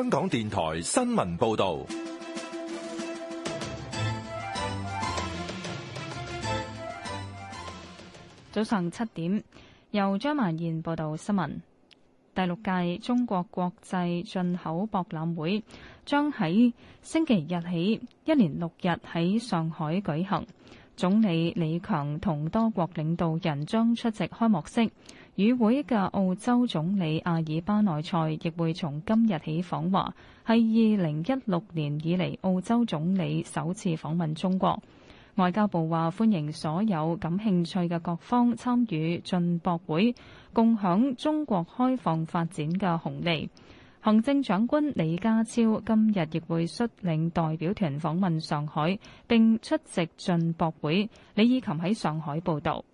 香港電台新聞報道，早上七點，由張萬燕報道新聞。第六屆中國國際進口博覽會將喺星期日起一連六日喺上海舉行，總理李強同多國領導人將出席開幕式。與會嘅澳洲總理阿爾巴內塞亦會從今日起訪華，係二零一六年以嚟澳洲總理首次訪問中國。外交部話歡迎所有感興趣嘅各方參與進博會，共享中國開放發展嘅紅利。行政長官李家超今日亦會率領代表團訪問上海，並出席進博會。李以琴喺上海報導。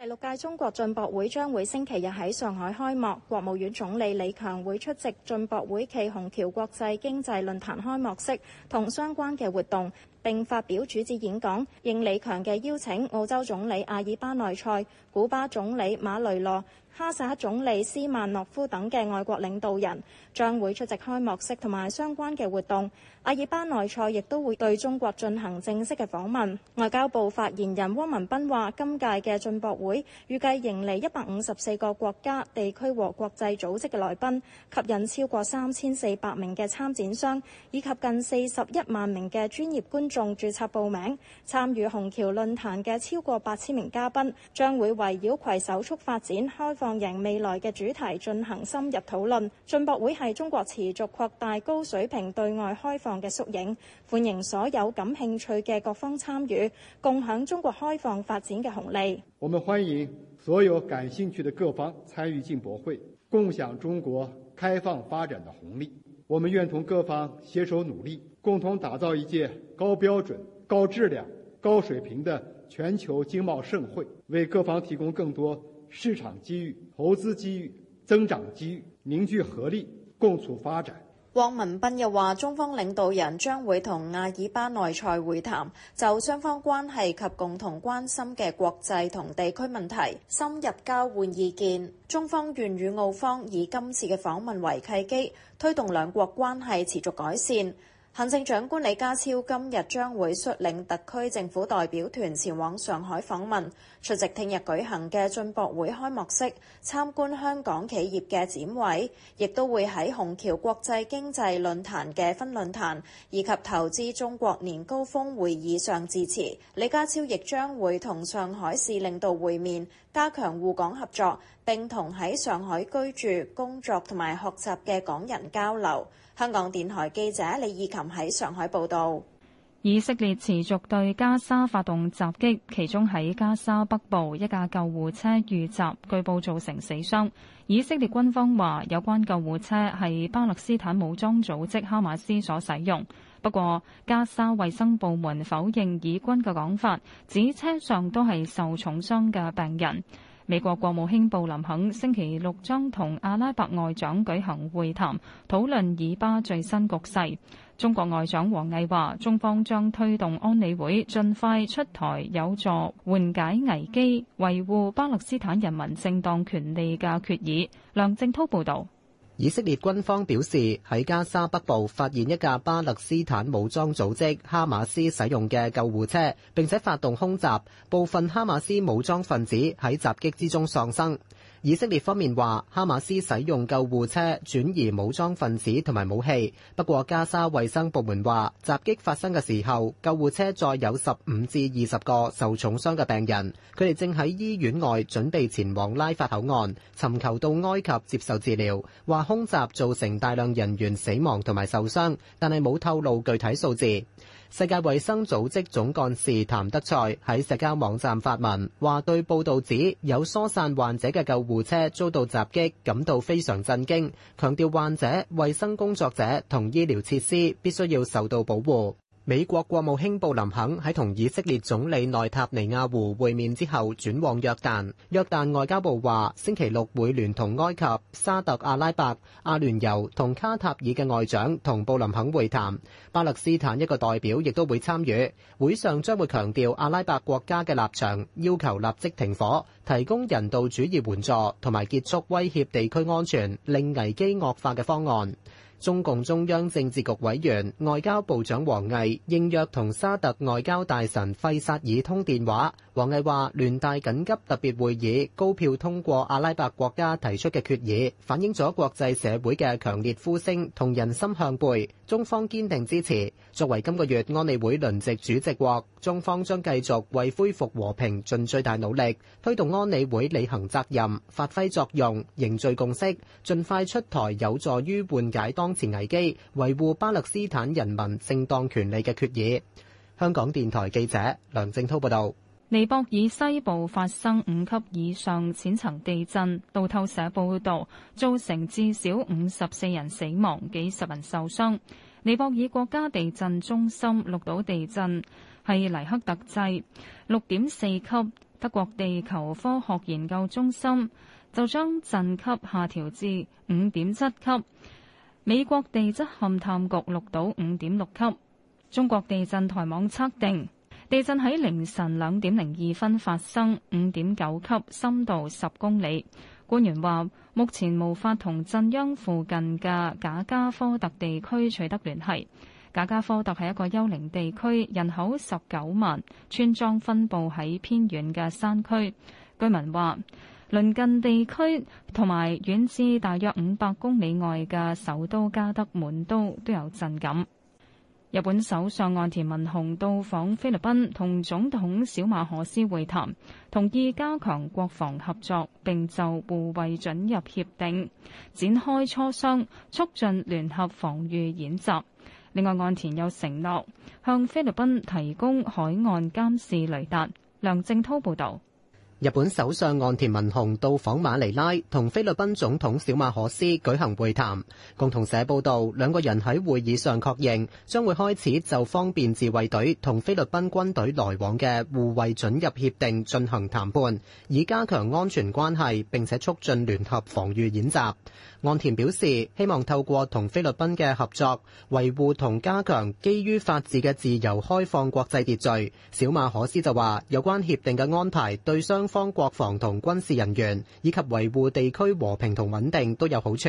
第六屆中國進博會將會星期日喺上海開幕，國務院總理李強會出席進博會暨虹橋國際經濟論壇開幕式同相關嘅活動，並發表主旨演講。應李強嘅邀請，澳洲總理阿爾巴內塞、古巴總理馬雷諾。哈薩克總理斯曼諾夫等嘅外國領導人將會出席開幕式同埋相關嘅活動。阿爾巴內塞亦都會對中國進行正式嘅訪問。外交部發言人汪文斌話：今屆嘅進博會預計迎嚟一百五十四個國家、地區和國際組織嘅來賓，吸引超過三千四百名嘅參展商，以及近四十一萬名嘅專業觀眾註冊報名。參與虹橋論壇嘅超過八千名嘉賓將會圍繞攜手速發展開放迎未來嘅主題進行深入討論。進博會係中國持續擴大高水平對外開放嘅縮影，歡迎所有感興趣嘅各方參與，共享中國開放發展嘅紅利。我們歡迎所有感興趣的各方參與進博會，共享中國開放發展的紅利。我們願同各方攜手努力，共同打造一屆高標準、高質量、高水平的全球經貿盛會，為各方提供更多。市場機遇、投資機遇、增長機遇，凝聚合力，共促發展。汪文斌又話，中方領導人將會同阿爾巴內塞會談，就雙方關係及共同關心嘅國際同地區問題深入交換意見。中方願與澳方以今次嘅訪問為契機，推動兩國關係持續改善。行政長官李家超今日將會率領特區政府代表團前往上海訪問，出席聽日舉行嘅進博會開幕式，參觀香港企業嘅展位，亦都會喺虹橋國際經濟論壇嘅分論壇以及投資中國年高峰會議上致辭。李家超亦將會同上海市領導會面。加強滬港合作，並同喺上海居住、工作同埋學習嘅港人交流。香港電台記者李意琴喺上海報道。以色列持續對加沙發動襲擊，其中喺加沙北部一架救護車遇襲，據報造成死傷。以色列軍方話有關救護車係巴勒斯坦武裝組織哈馬斯所使用，不過加沙衛生部門否認以軍嘅講法，指車上都係受重傷嘅病人。美國國務卿布林肯星期六將同阿拉伯外長舉行會談，討論以巴最新局勢。中國外長王毅話，中方將推動安理會盡快出台有助緩解危機、維護巴勒斯坦人民正當權利嘅決議。梁正濤報道。以色列軍方表示，喺加沙北部發現一架巴勒斯坦武裝組織哈馬斯使用嘅救護車，並且發動空襲，部分哈馬斯武裝分子喺襲擊之中喪生。以色列方面話，哈馬斯使用救護車轉移武裝份子同埋武器。不過，加沙衛生部門話，襲擊發生嘅時候，救護車載有十五至二十個受重傷嘅病人，佢哋正喺醫院外準備前往拉法口岸，尋求到埃及接受治療。話空襲造成大量人員死亡同埋受傷，但係冇透露具體數字。世界衛生組織總幹事譚德塞喺社交網站發文，話對報道指有疏散患者嘅救護車遭到襲擊，感到非常震驚，強調患者、衛生工作者同醫療設施必須要受到保護。美國國務卿布林肯喺同以色列總理內塔尼亞胡會面之後，轉往約旦，約旦。約旦外交部話，星期六會聯同埃及、沙特阿拉伯、阿聯酋同卡塔爾嘅外長同布林肯會談，巴勒斯坦一個代表亦都會參與。會上將會強調阿拉伯國家嘅立場，要求立即停火，提供人道主義援助，同埋結束威脅地區安全、令危機惡化嘅方案。中共中央政治局委員外交部長王毅，應約同沙特外交大臣費薩爾通電話。王毅話，聯大緊急特別會議，高票通過阿拉伯國家提出嘅決議，反映咗國際社會嘅強烈呼聲同人心向背。中方堅定支持，作為今個月安理會輪值主席國，中方將繼續為恢復和平盡最大努力，推動安理會履行責任，發揮作用，凝聚共識，盡快出台有助於緩解當中。前危機維護巴勒斯坦人民正當權利嘅決議。香港電台記者梁正滔報導，尼泊爾西部發生五級以上淺層地震。路透社報導，造成至少五十四人死亡，幾十人受傷。尼泊爾國家地震中心錄到地震係黎克特制六點四級，德國地球科學研究中心就將震級下調至五點七級。美國地質勘探局錄到五點六級，中國地震台網測定地震喺凌晨兩點零二分發生五點九級，深度十公里。官員話，目前無法同震央附近嘅賈加科特地區取得聯繫。賈加科特係一個幽靈地區，人口十九萬，村莊分布喺偏遠嘅山區。居民話。鄰近地區同埋遠至大約五百公里外嘅首都加德滿都都有震感。日本首相岸田文雄到訪菲律賓，同總統小馬可斯會談，同意加強國防合作並就互惠准入協定展開磋商，促進聯合防禦演習。另外，岸田又承諾向菲律賓提供海岸監視雷達。梁正滔報導。日本首相岸田文雄到訪馬尼拉，同菲律賓總統小馬可斯舉行會談。共同社報道，兩個人喺會議上確認，將會開始就方便自衛隊同菲律賓軍隊來往嘅互惠准入協定進行談判，以加強安全關係，並且促進聯合防禦演習。岸田表示，希望透過同菲律賓嘅合作，維護同加強基於法治嘅自由開放國際秩序。小馬可斯就話，有關協定嘅安排對雙方、國防同軍事人員以及維護地區和平同穩定都有好處。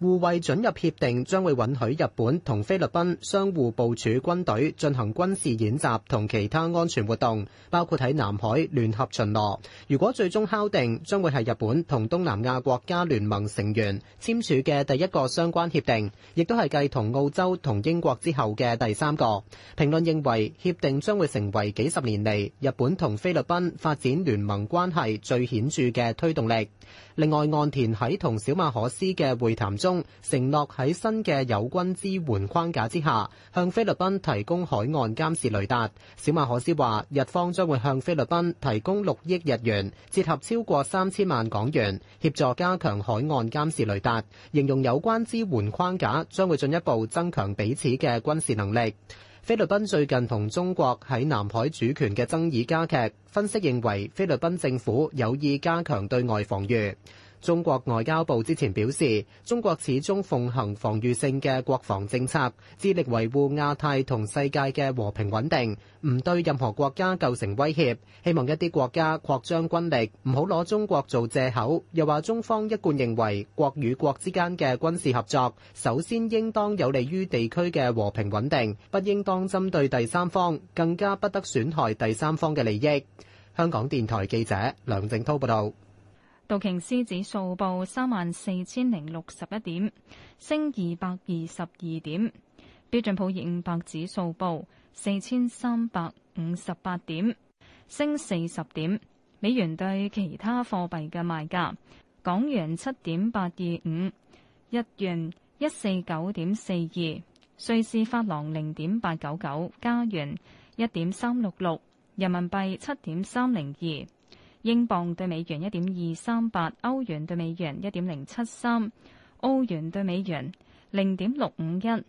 互惠准入協定將會允許日本同菲律賓相互部署軍隊，進行軍事演習同其他安全活動，包括喺南海聯合巡邏，如果最終敲定，將會係日本同東南亞國家聯盟成員簽署嘅第一個相關協定，亦都係繼同澳洲同英國之後嘅第三個。評論認為協定將會成為幾十年嚟日本同菲律賓發展聯盟關係最顯著嘅推動力。另外，岸田喺同小馬可斯嘅會談中，承諾喺新嘅友軍支援框架之下，向菲律賓提供海岸監視雷達。小馬可斯話：日方將會向菲律賓提供六億日元，折合超過三千萬港元，協助加強海岸監視雷達。形容有關支援框架將會進一步增強彼此嘅軍事能力。菲律賓最近同中國喺南海主權嘅爭議加劇，分析認為菲律賓政府有意加強對外防禦。中國外交部之前表示，中國始終奉行防禦性嘅國防政策，致力維護亞太同世界嘅和平穩定，唔對任何國家構成威脅。希望一啲國家擴張軍力，唔好攞中國做藉口。又話中方一貫認為，國與國之間嘅軍事合作首先應當有利於地區嘅和平穩定，不應當針對第三方，更加不得損害第三方嘅利益。香港電台記者梁靜濤報道。道瓊斯指數報三萬四千零六十一點，升二百二十二點。標準普爾五百指數報四千三百五十八點，升四十點。美元對其他貨幣嘅賣價：港元七點八二五，日元一四九點四二，瑞士法郎零點八九九，加元一點三六六，人民幣七點三零二。英鎊兌美元一點二三八，歐元兌美元一點零七三，歐元兌美元零點六五一，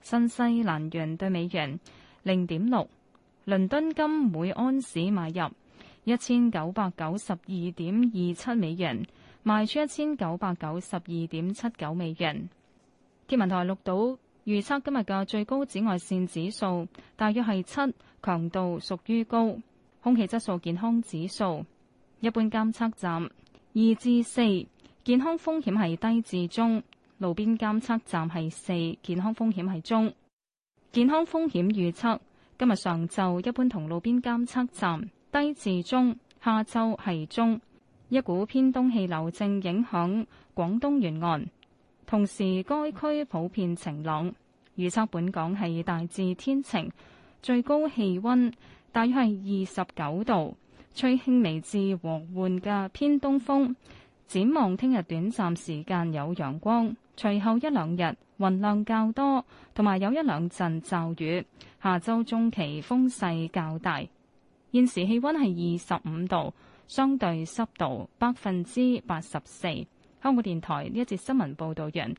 新西蘭元兌美元零點六，倫敦金每安士買入一千九百九十二點二七美元，賣出一千九百九十二點七九美元。天文台錄到預測今日嘅最高紫外線指數大約係七，強度屬於高，空氣質素健康指數，一般監測站二至四，健康風險係低至中，路邊監測站係四，健康風險係中。健康風險預測今日上晝一般同路邊監測站低至中，下晝係中。一股偏東氣流正影響廣東沿岸，同時該區普遍晴朗。預測本港係大致天晴，最高氣温大約係二十九度。吹輕微至和緩嘅偏東風。展望聽日短暫時間有陽光，隨後一兩日雲量較多，同埋有一兩陣驟雨。下周中期風勢較大。現時氣溫係二十五度，相對濕度百分之八十四。香港電台呢一節新聞報道完。